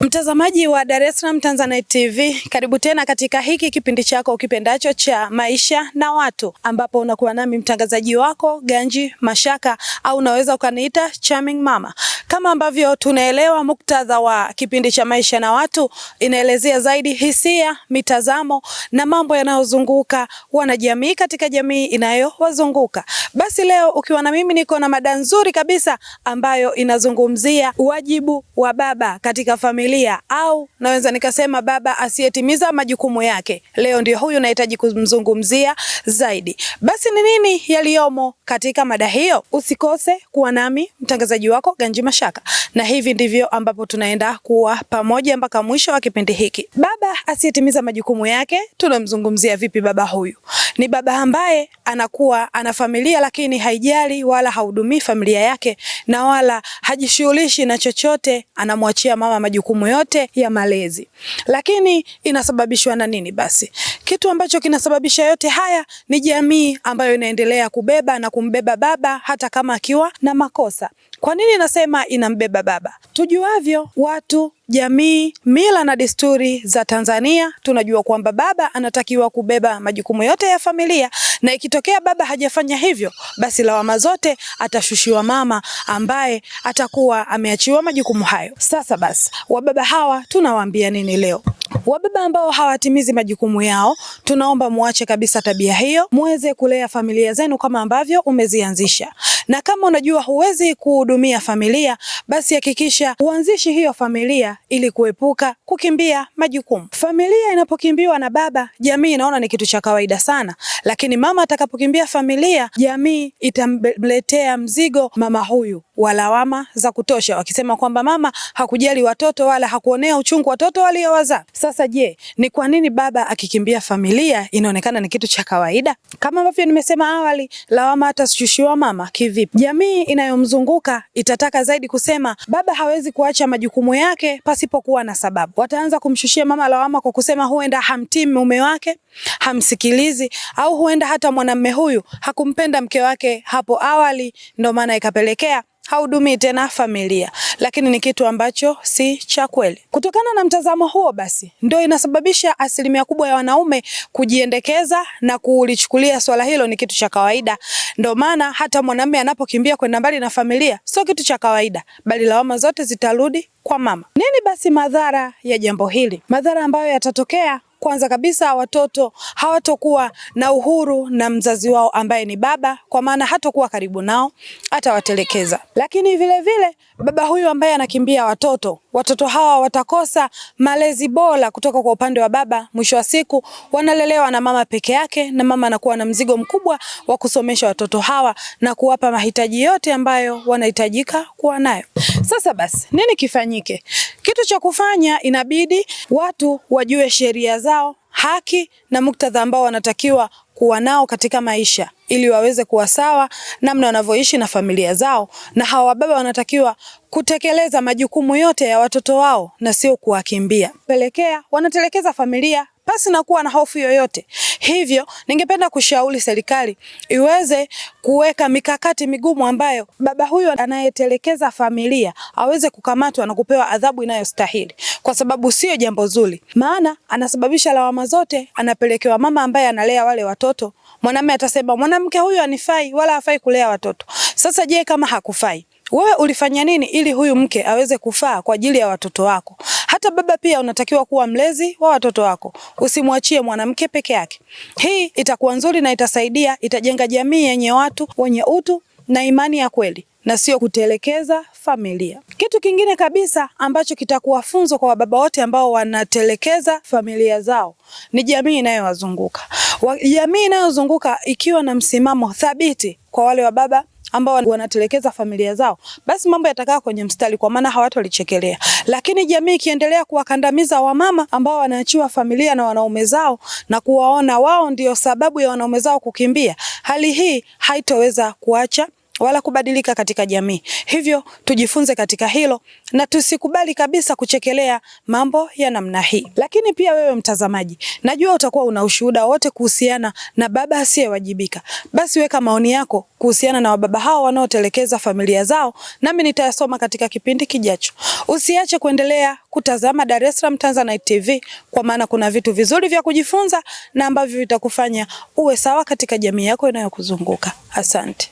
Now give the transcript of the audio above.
Mtazamaji wa Dar es Salaam Tanzanite TV, karibu tena katika hiki kipindi chako ukipendacho cha maisha na watu, ambapo unakuwa nami mtangazaji wako Ganji Mashaka au unaweza ukaniita Charming Mama. Kama ambavyo tunaelewa, muktadha wa kipindi cha maisha na watu inaelezea zaidi hisia, mitazamo na mambo yanayozunguka wanajamii katika jamii inayowazunguka. Basi leo ukiwa na mimi, niko na mada nzuri kabisa ambayo inazungumzia wajibu wa baba katika familia familia au naweza nikasema baba asiyetimiza majukumu yake. Leo ndio huyu nahitaji kumzungumzia zaidi. Basi ni nini yaliyomo katika mada hiyo? Usikose kuwa nami mtangazaji wako Ganji Mashaka, na hivi ndivyo ambapo tunaenda kuwa pamoja mpaka mwisho wa kipindi hiki. Baba asiyetimiza majukumu yake, tunamzungumzia vipi baba huyu? Ni baba ambaye anakuwa ana familia lakini haijali wala hahudumii familia yake na wala hajishughulishi na chochote, anamwachia mama majukumu yote ya malezi. Lakini inasababishwa na nini basi? Kitu ambacho kinasababisha yote haya ni jamii ambayo inaendelea kubeba na kumbeba baba hata kama akiwa na makosa. Kwa nini nasema inambeba baba? Tujuavyo watu, jamii, mila na desturi za Tanzania, tunajua kwamba baba anatakiwa kubeba majukumu yote ya familia, na ikitokea baba hajafanya hivyo, basi lawama zote atashushiwa mama ambaye atakuwa ameachiwa majukumu hayo. Sasa basi, wababa hawa tunawaambia nini leo? Wababa ambao hawatimizi majukumu yao, tunaomba muache kabisa tabia hiyo, muweze kulea familia zenu kama ambavyo umezianzisha. Na kama unajua huwezi kuhudumia familia, basi hakikisha uanzishi hiyo familia ili kuepuka kukimbia majukumu. Familia inapokimbiwa na baba, jamii inaona ni kitu cha kawaida sana, lakini mama atakapokimbia familia, jamii itamletea mzigo mama huyu wa lawama za kutosha, wakisema kwamba mama hakujali watoto wala hakuonea uchungu watoto waliowazaa. Sasa je, ni kwa nini baba akikimbia familia inaonekana ni kitu cha kawaida? Kama ambavyo nimesema awali, lawama hata mama kivi vipi? Jamii inayomzunguka itataka zaidi kusema baba hawezi kuacha majukumu yake pasipokuwa na sababu. Wataanza kumshushia mama lawama kwa kusema huenda hamtii mume wake, hamsikilizi, au huenda hata mwanamume huyu hakumpenda mke wake hapo awali, ndo maana ikapelekea haudumii tena familia, lakini ni kitu ambacho si cha kweli. Kutokana na mtazamo huo, basi ndio inasababisha asilimia kubwa ya wanaume kujiendekeza na kulichukulia swala hilo ni kitu cha kawaida. Ndio maana hata mwanamume anapokimbia kwenda mbali na familia, sio kitu cha kawaida, bali lawama zote zitarudi kwa mama. Nini basi madhara ya jambo hili? Madhara ambayo yatatokea kwanza kabisa watoto hawatokuwa na uhuru na mzazi wao ambaye ni baba, kwa maana hatokuwa karibu nao, atawatelekeza. Lakini vile vile baba huyu ambaye anakimbia watoto, watoto hawa watakosa malezi bora kutoka kwa upande wa baba. Mwisho wa siku wanalelewa na mama peke yake, na mama anakuwa na mzigo mkubwa wa kusomesha watoto hawa na kuwapa mahitaji yote ambayo wanahitajika kuwa nayo. Sasa basi, nini kifanyike? Kitu cha kufanya, inabidi watu wajue sheria zao, haki na muktadha ambao wanatakiwa kuwa nao katika maisha ili waweze kuwa sawa namna wanavyoishi na familia zao, na hawa wababa wanatakiwa kutekeleza majukumu yote ya watoto wao na sio kuwakimbia pelekea, wanatelekeza familia pasi na kuwa na hofu yoyote. Hivyo ningependa kushauri serikali iweze kuweka mikakati migumu ambayo baba huyo anayetelekeza familia aweze kukamatwa na kupewa adhabu inayostahili, kwa sababu sio jambo zuri, maana anasababisha lawama zote anapelekewa mama ambaye analea wale watoto. Mwanamume atasema mwanamke huyu anifai wala hafai kulea watoto. Sasa je, kama hakufai wewe ulifanya nini ili huyu mke aweze kufaa kwa ajili ya watoto wako? Hata baba pia unatakiwa kuwa mlezi wa watoto wako, usimwachie mwanamke peke yake. Hii itakuwa nzuri na itasaidia, itajenga jamii yenye watu wenye utu na imani ya kweli na sio kutelekeza familia. Kitu kingine kabisa ambacho kitakuwa funzo kwa wababa wote ambao wanatelekeza familia zao ni jamii inayowazunguka. Jamii inayozunguka ikiwa na msimamo thabiti kwa wale wababa ambao wanatelekeza familia zao, basi mambo yatakaa kwenye mstari, kwa maana hawatalichekelea. Lakini jamii ikiendelea kuwakandamiza wamama ambao wanaachiwa familia na wanaume zao na kuwaona wao ndio sababu ya wanaume zao kukimbia, hali hii haitoweza kuacha wala kubadilika katika jamii. Hivyo tujifunze katika hilo na tusikubali kabisa kuchekelea mambo ya namna hii. Lakini pia wewe mtazamaji, najua utakuwa una ushuhuda wote kuhusiana na baba asiyewajibika. Basi weka maoni yako kuhusiana na wababa hao wanaotelekeza familia zao, nami nitayasoma katika kipindi kijacho. Usiache kuendelea kutazama Dar es Salaam Tanzanite TV, kwa maana kuna vitu vizuri vya kujifunza na ambavyo vitakufanya uwe sawa katika jamii yako inayokuzunguka. Asante.